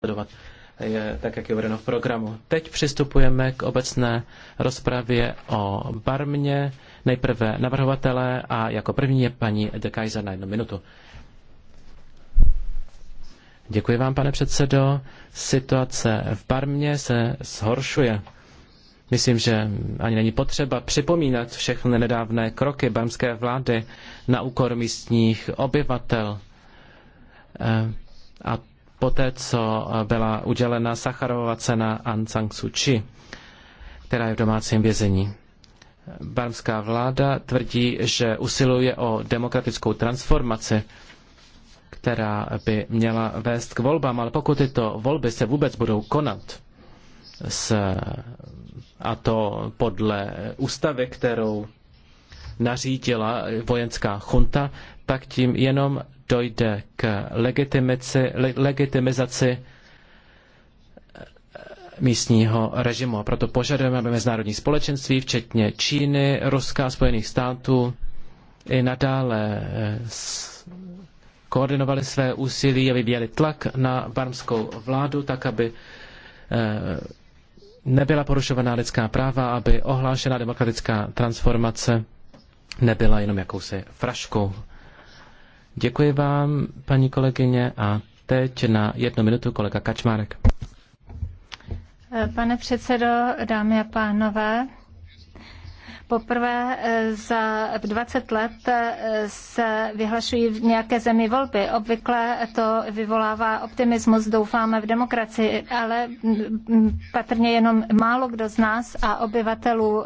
sledovat, je, tak jak je uvedeno v programu. Teď přistupujeme k obecné rozpravě o barmě. Nejprve navrhovatele a jako první je paní De Kaiser na jednu minutu. Děkuji vám, pane předsedo. Situace v Barmě se zhoršuje. Myslím, že ani není potřeba připomínat všechny nedávné kroky barmské vlády na úkor místních obyvatel. Eh, a poté co byla udělena Sacharovova cena Aung San Suu Kyi, která je v domácím vězení. Barmská vláda tvrdí, že usiluje o demokratickou transformaci, která by měla vést k volbám, ale pokud tyto volby se vůbec budou konat, s, a to podle ústavy, kterou nařídila vojenská chunta, tak tím jenom dojde k legitimizaci eh, místního režimu. A proto požadujeme, aby mezinárodní společenství, včetně Číny, Ruska a Spojených států, i nadále eh, koordinovali své úsilí a vyvíjeli tlak na barmskou vládu, tak aby eh, nebyla porušovaná lidská práva, aby ohlášená demokratická transformace nebyla jenom jakousi fraškou Děkuji vám, paní kolegyně, a teď na jednu minutu kolega Kačmárek. Pane předsedo, dámy a pánové, Poprvé eh, za 20 let eh, se vyhlašují v nějaké zemi volby. Obvykle to vyvolává optimismus, doufáme v demokracii, ale mm, mm, patrně jenom málo kdo z nás a obyvatelů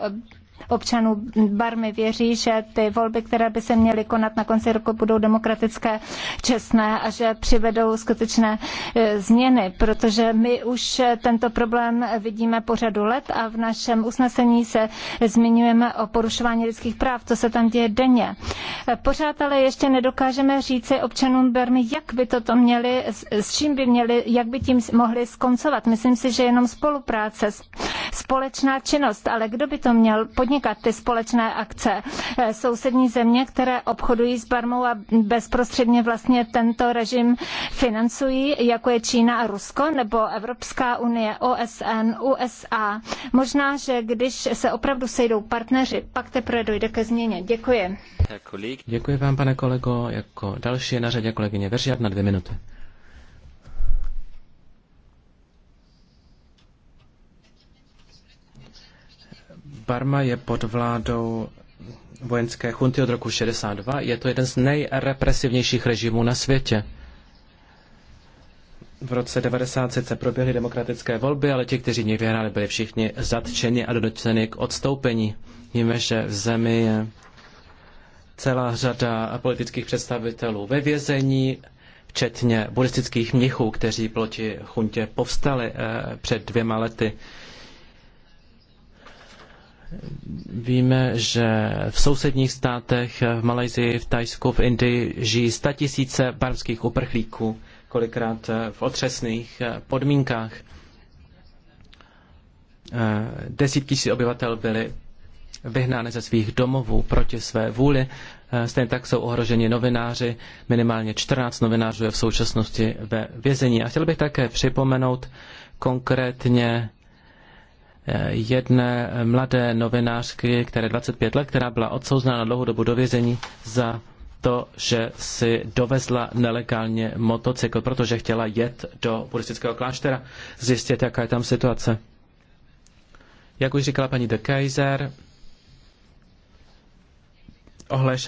občanů Barmy věří, že ty volby, které by se měly konat na konci roku, budou demokratické, čestné a že přivedou skutečné e, změny, protože my už tento problém vidíme po řadu let a v našem usnesení se zmiňujeme o porušování lidských práv, co se tam děje denně. E, pořád ale ještě nedokážeme říci občanům Barmy, jak by toto měli, s čím by měli, jak by tím mohli skoncovat. Myslím si, že jenom spolupráce, společná činnost, ale kdo by to měl podnikat? podnikat ty společné akce. Eh, Sousední země, které obchodují s Barmou a bezprostředně vlastně tento režim financují, jako je Čína a Rusko, nebo Evropská unie, OSN, USA. Možná, že když se opravdu sejdou partneři, pak teprve dojde ke změně. Děkuji. Děkuji vám, pane kolego. Jako další je na řadě kolegyně Veřiat na dvě minuty. Barma je pod vládou vojenské chunty od roku 62. Je to jeden z nejrepresivnějších režimů na světě. V roce 90 se proběhly demokratické volby, ale ti, kteří mě vyhráli, byli všichni zatčeni a donuceni k odstoupení. Víme, že v zemi je celá řada politických představitelů ve vězení, včetně buddhistických mnichů, kteří proti chuntě povstali eh, před dvěma lety. Eh, Víme, že v sousedních státech, v Malajzii, v Tajsku, v Indii žijí statisíce barmských uprchlíků, kolikrát eh, v otřesných eh, podmínkách. Eh, desítky tisíc obyvatel byly vyhnány ze svých domovů proti své vůli. Stejně tak jsou ohroženi novináři. Minimálně 14 novinářů je v současnosti ve vězení. A chtěl bych také připomenout konkrétně jedné mladé novinářky, které 25 let, která byla odsouzena na dlouhou dobu do vězení za to, že si dovezla nelegálně motocykl, protože chtěla jet do buddhistického kláštera, zjistit, jaká je tam situace. Jak už říkala paní de Kaiser,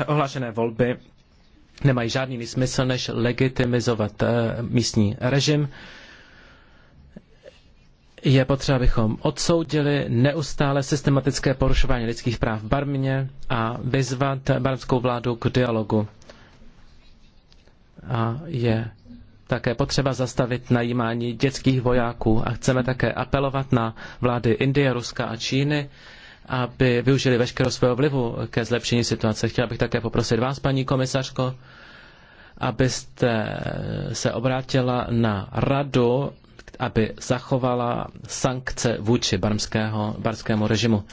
ohlášené volby nemají žádný smysl, než legitimizovat eh, místní režim. Je potřeba, abychom odsoudili neustále systematické porušování lidských práv v Barmě a vyzvat barmskou vládu k dialogu. A je také potřeba zastavit najímání dětských vojáků a chceme také apelovat na vlády Indie, Ruska a Číny, aby využili veškerého svého vlivu ke zlepšení situace. Chtěla bych také poprosit vás, paní komisařko, abyste se obrátila na radu aby zachovala sankce vůči barmského, barskému režimu.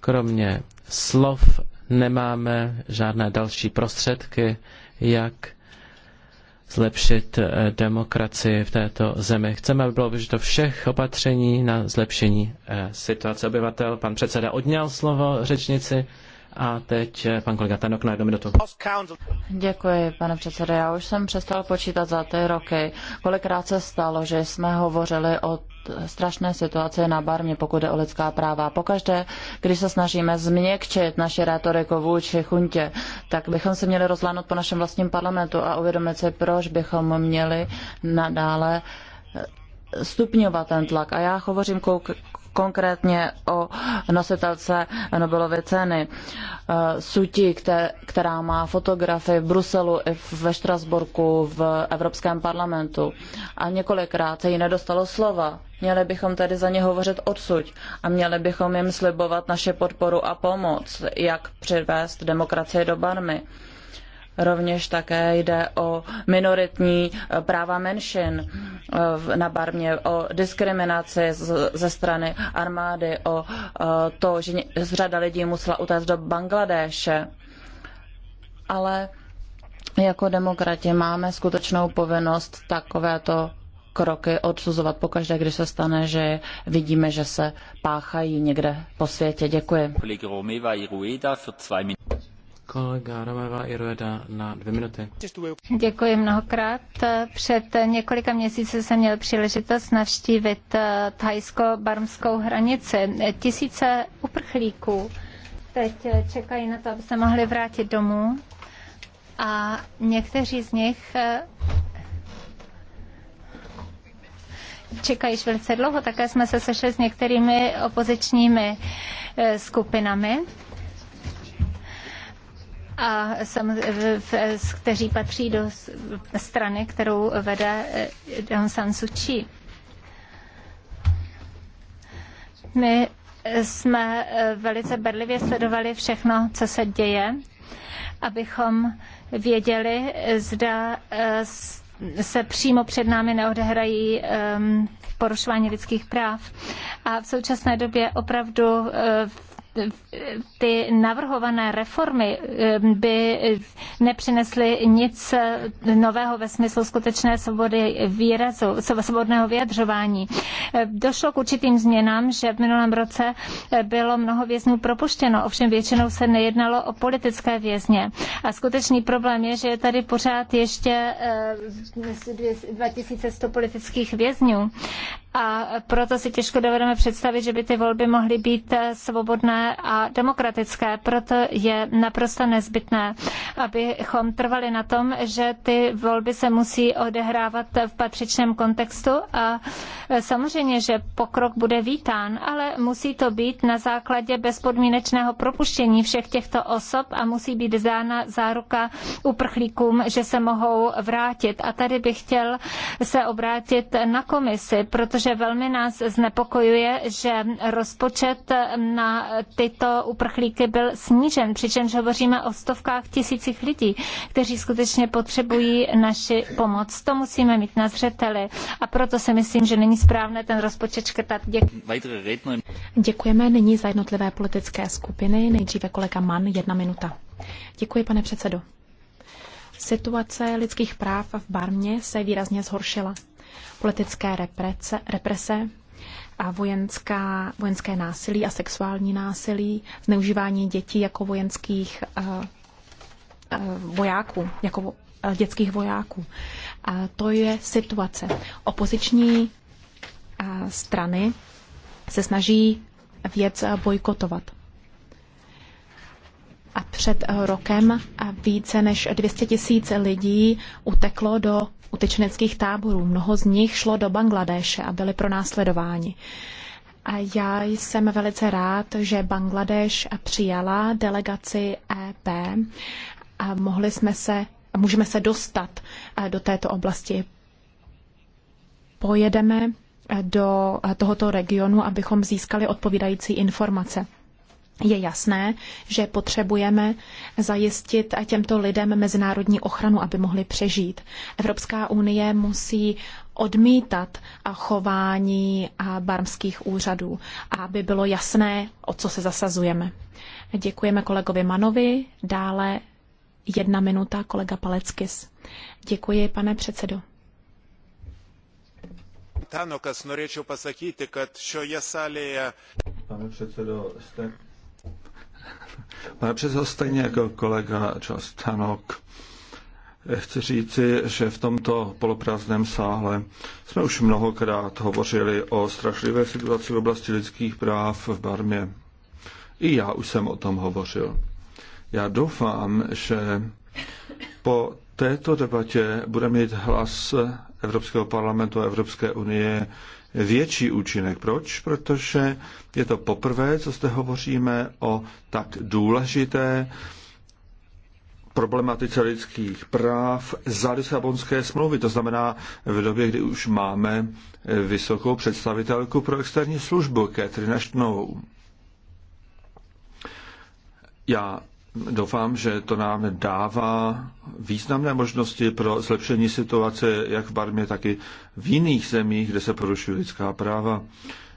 Kromě slov nemáme žádné další prostředky, jak zlepšit eh, demokracii v této zemi. Chceme, aby bylo vyžito všech opatření na zlepšení eh, situace obyvatel. Pan předseda odňal slovo řečnici. A teď eh, pan kolega Tenok na jednu minutu. Děkuji, pane předsedo. Já už jsem přestal počítat za ty roky, kolikrát se stalo, že jsme hovořili o strašné situaci na barmě, pokud jde o lidská práva. Pokaždé, když se snažíme změkčit naši retoriku vůči chuntě, tak bychom se měli rozlánout po našem vlastním parlamentu a uvědomit si, proč bychom měli nadále eh, stupňovat ten tlak. A já hovořím konkrétně o nositelce Nobelovy ceny. Eh, Suti, která má fotografii v Bruselu i ve Štrasburku, v Evropském parlamentu. A několikrát se jí nedostalo slova. Měli bychom tedy za ně hovořit odsud a měli bychom jim slibovat naše podporu a pomoc, jak přivést demokracii do Barmy. Rovněž také jde o minoritní eh, práva menšin eh, na barmě, o diskriminaci ze strany armády, o eh, to, že řada lidí musela utéct do Bangladéše. Ale jako demokrati máme skutečnou povinnost takovéto kroky odsuzovat pokaždé, když se stane, že vidíme, že se páchají někde po světě. Děkuji. Kolega Romeva Rueda na dvě minuty. Děkuji mnohokrát. Před několika měsíci jsem měl příležitost navštívit eh, thajsko-barmskou hranici. Tisíce uprchlíků teď eh, čekají na to, aby se mohli vrátit domů a někteří z nich eh, čekají velice dlouho. Také jsme se sešli s některými opozičními skupinami a kteří patří do strany, kterou vede Aung eh, San Suu Kyi. My jsme eh, velice bedlivě sledovali všechno, co se děje, abychom věděli, zda eh, se přímo před námi neodehrají ehm, porušování lidských práv. A v současné době opravdu ty navrhované reformy eh, by nepřinesly nic nového ve smyslu skutečné svobody výrazu, svobodného vyjadřování. Eh, došlo k určitým změnám, že v minulém roce eh, bylo mnoho vězňů propuštěno, ovšem většinou se nejednalo o politické vězně. A skutečný problém je, že je tady pořád ještě 2100 politických vězňů a proto si těžko dovedeme představit, že by ty volby mohly být eh, svobodné a demokratické. Proto je naprosto nezbytné, abychom trvali na tom, že ty volby se musí odehrávat v patřičném kontextu a eh, samozřejmě, že pokrok bude vítán, ale musí to být na základě bezpodmínečného propuštění všech těchto osob a musí být dána záruka uprchlíkům, že se mohou vrátit. A tady bych chtěl se obrátit na komisi, protože protože velmi nás znepokojuje, že rozpočet na tyto uprchlíky byl snížen, přičemž hovoříme o stovkách tisících lidí, kteří skutečně potřebují naši pomoc. To musíme mít na zřeteli a proto si myslím, že není správné ten rozpočet škrtat. Děkujeme, Děkujeme nyní za jednotlivé politické skupiny. Nejdříve kolega Mann, jedna minuta. Děkuji, pane předsedo. Situace lidských práv v Barmě se výrazně zhoršila politické represe, represe a vojenská, vojenské násilí a sexuální násilí, zneužívání dětí jako vojenských eh, eh, vojáků, jako eh, dětských vojáků. A to je situace. Opoziční strany se snaží věc bojkotovat. A před rokem více než 200 tisíc lidí uteklo do utečeneckých táborů. Mnoho z nich šlo do Bangladéše a byli pronásledováni. A já jsem velice rád, že Bangladeš přijala delegaci EP a mohli jsme se, můžeme se dostat e, do této oblasti. Pojedeme e, do e, tohoto regionu, abychom získali odpovídající informace. Je jasné, že potřebujeme zajistit těmto lidem mezinárodní ochranu, aby mohli přežít. Evropská unie musí odmítat chování barmských úřadů, aby bylo jasné, o co se zasazujeme. Děkujeme kolegovi Manovi, dále jedna minuta kolega Paleckis. Děkuji, pane předsedo. Pane předsedo, jste Pane předsedo, stejně jako kolega Charles Tanok, chci říci, že v tomto poloprázdném sále jsme už mnohokrát hovořili o strašlivé situaci v oblasti lidských práv v Barmě. I já už jsem o tom hovořil. Já doufám, že po této debatě bude mít hlas Evropského parlamentu a Evropské unie větší účinek. Proč? Protože je to poprvé, co zde hovoříme o tak důležité problematice lidských práv za Lisabonské smlouvy. To znamená v době, kdy už máme vysokou představitelku pro externí službu, Catherine Ashtonovou. Já Doufám, že to nám dává významné možnosti pro zlepšení situace jak v Barmě, tak i v jiných zemích, kde se porušují lidská práva.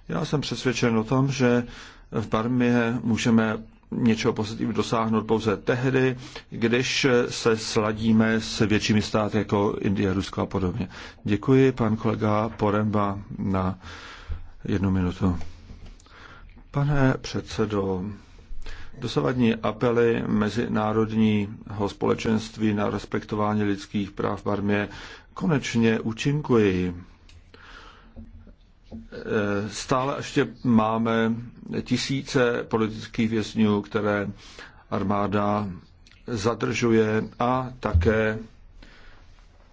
Já jsem přesvědčen o tom, že v Barmě můžeme něčeho pozitivního dosáhnout pouze tehdy, když se sladíme s většími státy jako Indie, Rusko a podobně. Děkuji, pan kolega Poremba, na jednu minutu. Pane předsedo, Dosavadní apely mezinárodního společenství na respektování lidských práv v Barmě konečně účinkují. Stále ještě máme tisíce politických vězňů, které armáda zadržuje a také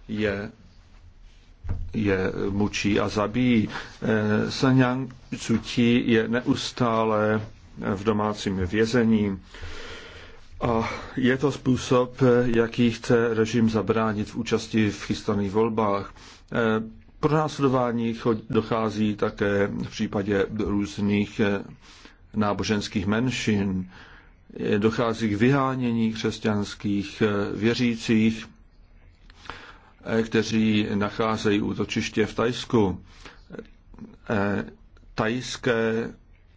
je, je mučí a zabíjí. Eh, Sanyang Cuti je neustále v domácím vězení. A je to způsob, jaký chce režim zabránit v účasti v chystaných volbách. E, pro následování dochází také v případě různých e, náboženských menšin. E, dochází k vyhánění křesťanských věřících, kteří nacházejí útočiště v Tajsku. Tajské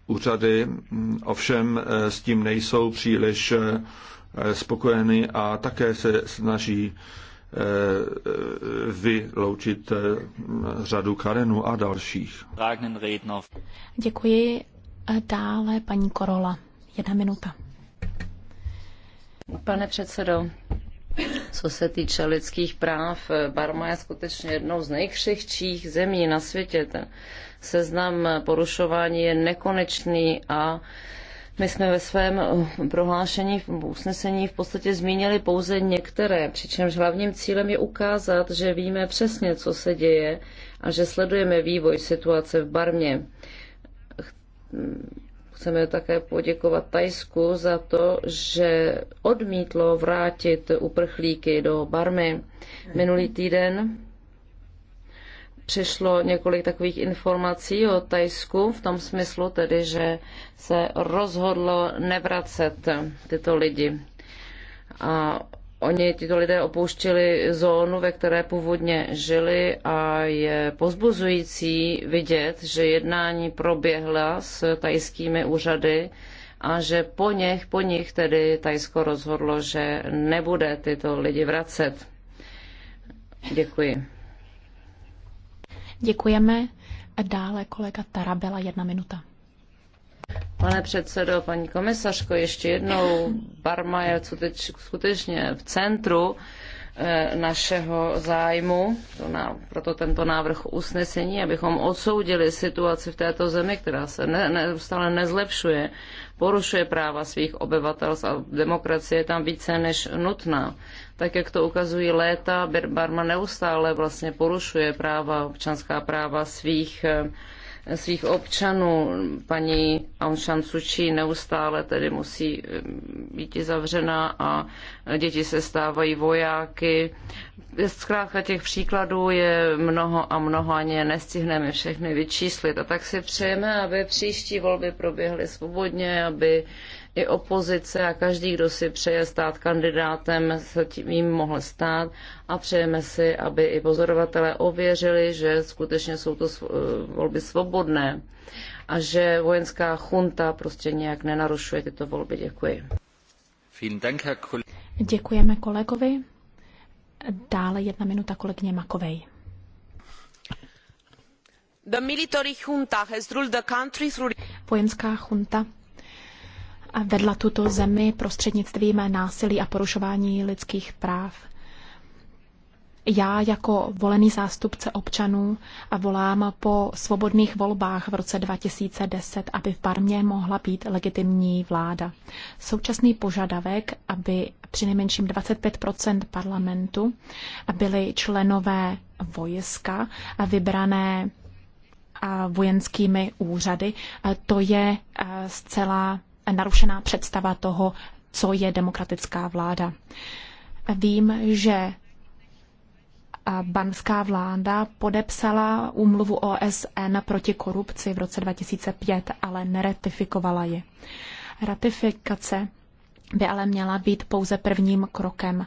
úřady ovšem eh, s tím nejsou příliš eh, spokojeny a také se snaží eh, vyloučit řadu Karenů a dalších. Děkuji. Dále paní Korola. Jedna minuta. Pane předsedo, co se týče lidských práv, Barma je skutečně jednou z nejkřehčích zemí na světě. Ten Seznam porušování je nekonečný a my jsme ve svém prohlášení v usnesení v podstatě zmínili pouze některé, přičemž hlavním cílem je ukázat, že víme přesně, co se děje a že sledujeme vývoj situace v Barmě. Chceme také poděkovat Tajsku za to, že odmítlo vrátit uprchlíky do Barmy. Minulý týden přišlo několik takových informací o Tajsku v tom smyslu tedy, že se rozhodlo nevracet tyto lidi. A oni, tyto lidé opouštěli zónu, ve které původně žili a je pozbuzující vidět, že jednání proběhla s tajskými úřady a že po nich, po nich tedy Tajsko rozhodlo, že nebude tyto lidi vracet. Děkuji. Děkujeme. Dále kolega Tarabela, jedna minuta. Pane předsedo, paní komisařko, ještě jednou Barma je skutečně v centru Eh, našeho zájmu, to na, proto tento návrh usnesení, abychom odsoudili situaci v této zemi, která se ne, neustále nezlepšuje, porušuje práva svých obyvatel a demokracie je tam více než nutná. Tak, jak to ukazují léta, Barma neustále vlastně porušuje práva, občanská práva svých obyvatel eh, svých občanů. Paní Aung San Suu Kyi neustále tedy musí eh, být zavřena a děti se stávají vojáky. Zkrátka těch příkladů je mnoho a mnoho, ani nestihneme všechny vyčíslit. A tak si přejeme, aby příští volby proběhly svobodně, aby i opozice a každý, kdo si přeje stát kandidátem, se tím mohl stát a přejeme si, aby i pozorovatelé ověřili, že skutečně jsou to volby svobodné a že vojenská chunta prostě nějak nenarušuje tyto volby. Děkuji. Děkujeme kolegovi. Dále jedna minuta kolegyně Makovej. The military junta has ruled the country through... Vojenská chunta vedla tuto zemi prostřednictvím násilí a porušování lidských práv. Já jako volený zástupce občanů volám po svobodných volbách v roce 2010, aby v Barmě mohla být legitimní vláda. Současný požadavek, aby při nejmenším 25 parlamentu byly členové vojska a vybrané vojenskými úřady, to je zcela narušená představa toho, co je demokratická vláda. Vím, že banská vláda podepsala úmluvu OSN proti korupci v roce 2005, ale neratifikovala ji. Ratifikace by ale měla být pouze prvním krokem.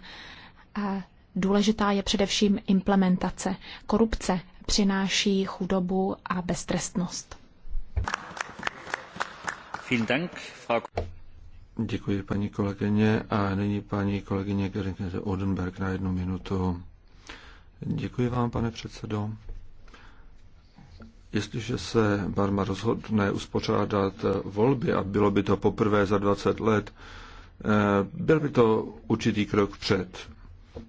Důležitá je především implementace. Korupce přináší chudobu a beztrestnost. Děkuji paní kolegyně a nyní paní kolegyně Geringer Odenberg na jednu minutu. Děkuji vám, pane předsedo. Jestliže se Barma rozhodne uspořádat volby, a bylo by to poprvé za 20 let, eh, byl by to určitý krok před,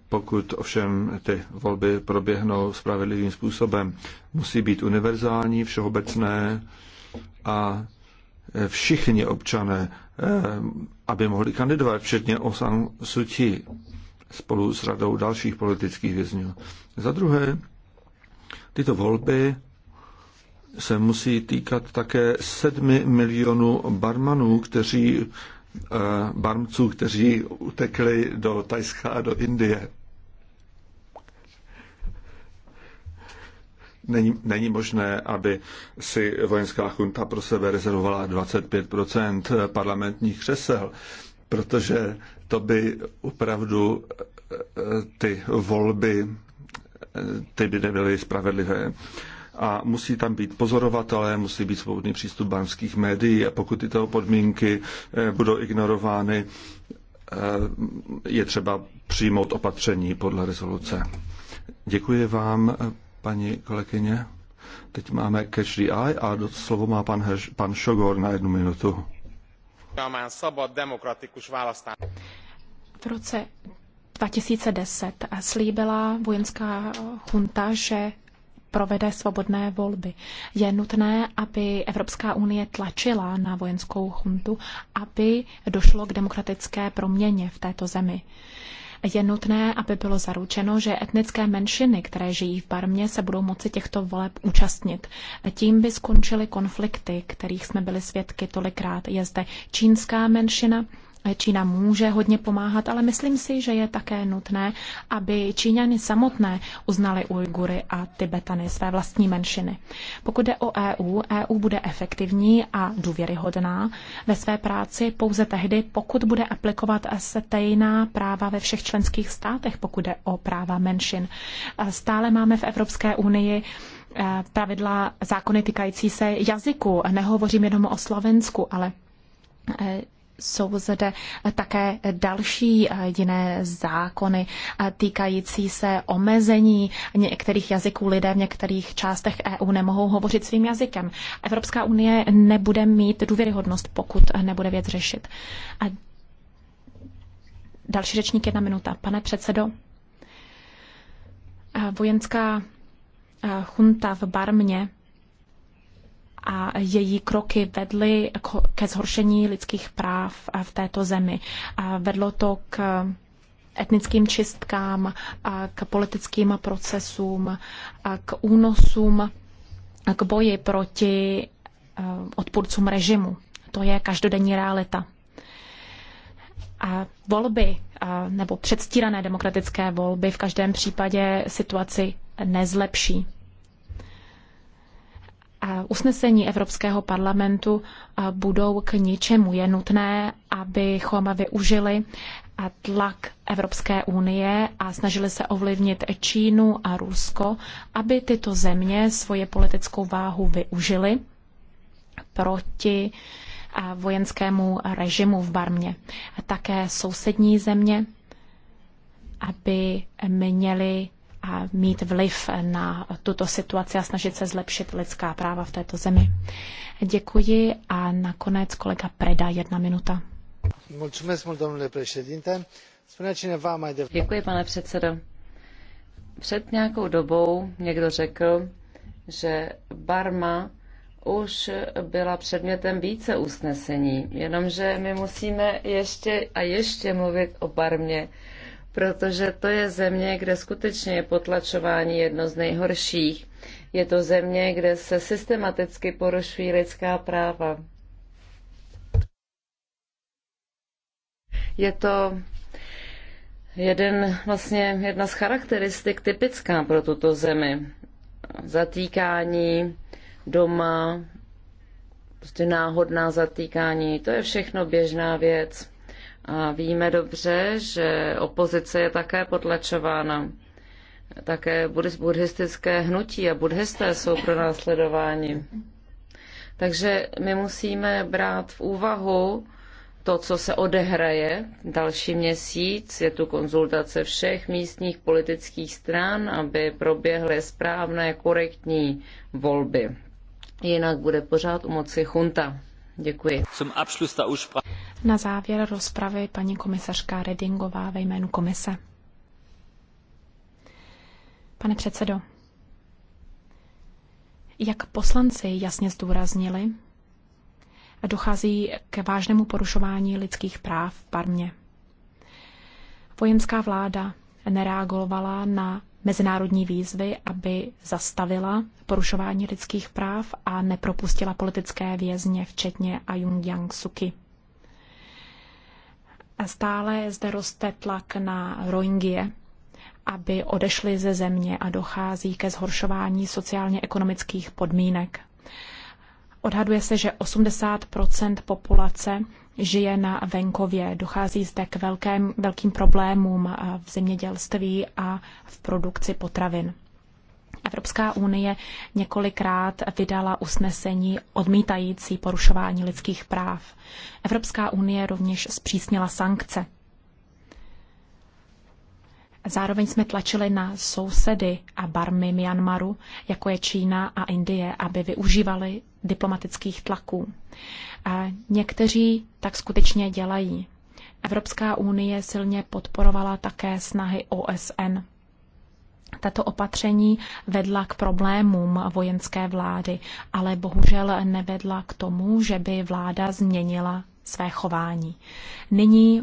pokud ovšem ty volby proběhnou spravedlivým způsobem. Musí být univerzální, všeobecné a všichni občané, eh, aby mohli kandidovat, včetně Osan Suti spolu s radou dalších politických vězňů. Za druhé, tyto volby se musí týkat také sedmi milionů barmanů, kteří, eh, barmců, kteří utekli do Tajska a do Indie. Není, není možné, aby si vojenská chunta pro sebe rezervovala 25 parlamentních křesel, protože to by opravdu eh, ty volby eh, ty by nebyly spravedlivé. A musí tam být pozorovatelé, musí být svobodný přístup banských médií a pokud tyto podmínky eh, budou ignorovány, je třeba přijmout opatření podle rezoluce. Děkuji vám, paní kolegyně. Teď máme catch the eye a slovo má pan, Hež, pan Šogor na jednu minutu. V roce 2010 slíbila vojenská junta, že provede svobodné volby. Je nutné, aby Evropská unie tlačila na vojenskou chuntu, aby došlo k demokratické proměně v této zemi. Je nutné, aby bylo zaručeno, že etnické menšiny, které žijí v Barmě, se budou moci těchto voleb účastnit. Tím by skončily konflikty, kterých jsme byli svědky tolikrát. Je zde čínská menšina, Čína může hodně pomáhat, ale myslím si, že je také nutné, aby Číňany samotné uznali Ujgury a Tibetany své vlastní menšiny. Pokud jde o EU, EU bude efektivní a důvěryhodná ve své práci pouze tehdy, pokud bude aplikovat stejná práva ve všech členských státech, pokud jde o práva menšin. Stále máme v Evropské unii eh, pravidla zákony týkající se jazyku. Nehovořím jenom o Slovensku, ale eh, jsou zde také další eh, jiné zákony eh, týkající se omezení některých jazyků. Lidé v některých částech EU nemohou hovořit svým jazykem. Evropská unie nebude mít důvěryhodnost, pokud nebude věc řešit. A další řečník, jedna minuta. Pane předsedo, eh, vojenská chunta v Barmě a její kroky vedly ke zhoršení lidských práv v této zemi. A vedlo to k etnickým čistkám, a k politickým procesům, a k únosům, a k boji proti eh, odpůrcům režimu. To je každodenní realita. A volby eh, nebo předstírané demokratické volby v každém případě situaci nezlepší usnesení Evropského parlamentu budou k ničemu. Je nutné, abychom využili tlak Evropské unie a snažili se ovlivnit Čínu a Rusko, aby tyto země svoje politickou váhu využily proti vojenskému režimu v Barmě. Také sousední země, aby měly mít vliv na tuto situaci a snažit se zlepšit lidská práva v této zemi. Děkuji a nakonec kolega Preda, jedna minuta. Děkuji, pane předsedo. Před nějakou dobou někdo řekl, že Barma už byla předmětem více usnesení, jenomže my musíme ještě a ještě mluvit o Barmě protože to je země, kde skutečně je potlačování jedno z nejhorších. Je to země, kde se systematicky porušují lidská práva. Je to jeden, vlastně jedna z charakteristik typická pro tuto zemi. Zatýkání doma, prostě náhodná zatýkání, to je všechno běžná věc. A víme dobře, že opozice je také potlačována. Také buddhistické hnutí a buddhisté jsou pro následování. Takže my musíme brát v úvahu to, co se odehraje další měsíc. Je tu konzultace všech místních politických stran, aby proběhly správné, korektní volby. Jinak bude pořád u moci junta. Děkuji. Na závěr rozpravy paní komisařka Redingová ve jménu komise. Pane předsedo, jak poslanci jasně zdůraznili, dochází k vážnému porušování lidských práv v Barmě. Vojenská vláda nereagovala na mezinárodní výzvy, aby zastavila porušování lidských práv a nepropustila politické vězně, včetně Ayung Yang Suki. A stále zde roste tlak na Rohingyje, aby odešli ze země a dochází ke zhoršování sociálně-ekonomických podmínek. Odhaduje se, že 80 populace žije na venkově. Dochází zde k velkém, velkým problémům v zemědělství a v produkci potravin. Evropská unie několikrát vydala usnesení odmítající porušování lidských práv. Evropská unie rovněž zpřísnila sankce. Zároveň jsme tlačili na sousedy a barmy Myanmaru, jako je Čína a Indie, aby využívali diplomatických tlaků. A někteří tak skutečně dělají. Evropská unie silně podporovala také snahy OSN. Tato opatření vedla k problémům vojenské vlády, ale bohužel nevedla k tomu, že by vláda změnila své chování. Nyní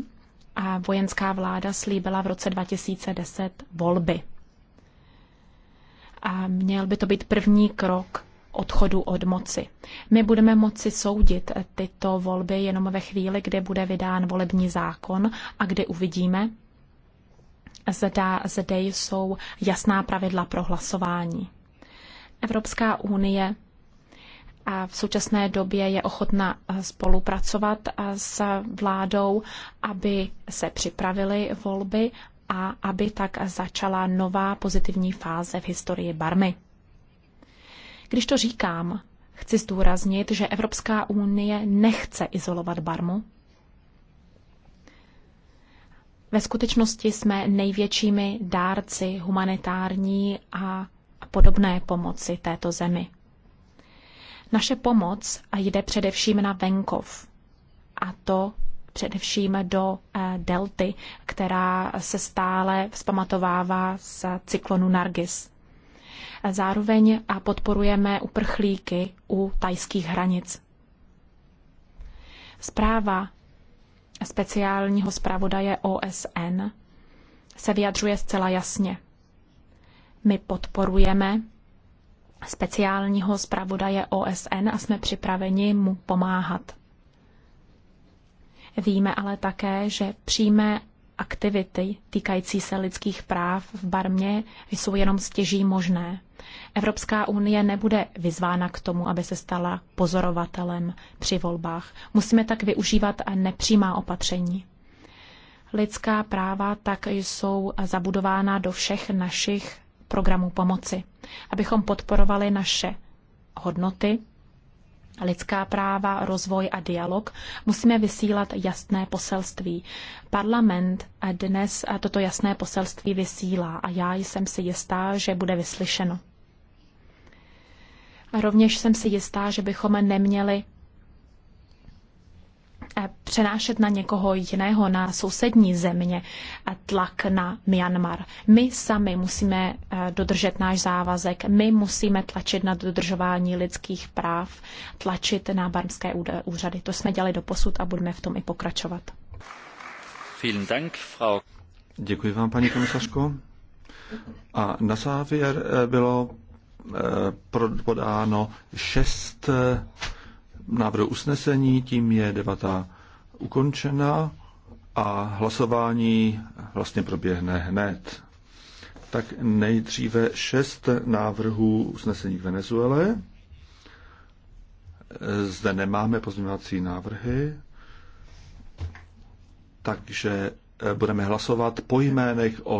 a vojenská vláda slíbila v roce 2010 volby. A měl by to být první krok odchodu od moci. My budeme moci soudit tyto volby jenom ve chvíli, kdy bude vydán volební zákon a kdy uvidíme, zda zde jsou jasná pravidla pro hlasování. Evropská unie v současné době je ochotna eh, spolupracovat eh, s vládou, aby se připravili volby a aby tak začala nová pozitivní fáze v historii Barmy. Když to říkám, chci zdůraznit, že Evropská unie nechce izolovat Barmu. Ve skutečnosti jsme největšími dárci humanitární a podobné pomoci této zemi. Naše pomoc jde především na venkov, a to především do eh, delty, která se stále vzpamatovává z cyklonu Nargis. Zároveň podporujeme uprchlíky u tajských hranic. Zpráva speciálního zpravodaje OSN se vyjadřuje zcela jasně. My podporujeme speciálního zpravodaje OSN a jsme připraveni mu pomáhat. Víme ale také, že přímé aktivity týkající se lidských práv v Barmě jsou jenom stěží možné. Evropská unie nebude vyzvána k tomu, aby se stala pozorovatelem při volbách. Musíme tak využívat nepřímá opatření. Lidská práva tak jsou zabudována do všech našich programů pomoci, abychom podporovali naše hodnoty, lidská práva, rozvoj a dialog, musíme vysílat jasné poselství. Parlament dnes toto jasné poselství vysílá a já jsem si jistá, že bude vyslyšeno. A rovněž jsem si jistá, že bychom neměli přenášet na někoho jiného, na sousední země tlak na Myanmar. My sami musíme eh, dodržet náš závazek, my musíme tlačit na dodržování lidských práv, tlačit na barmské úřady. To jsme dělali do posud a budeme v tom i pokračovat. Děkuji vám, paní komisařko. A na závěr eh, bylo eh, podáno šest návrhu usnesení, tím je debata ukončena a hlasování vlastně proběhne hned. Tak nejdříve šest návrhů usnesení k Venezuele. Zde nemáme pozměňovací návrhy, takže budeme hlasovat po jménech o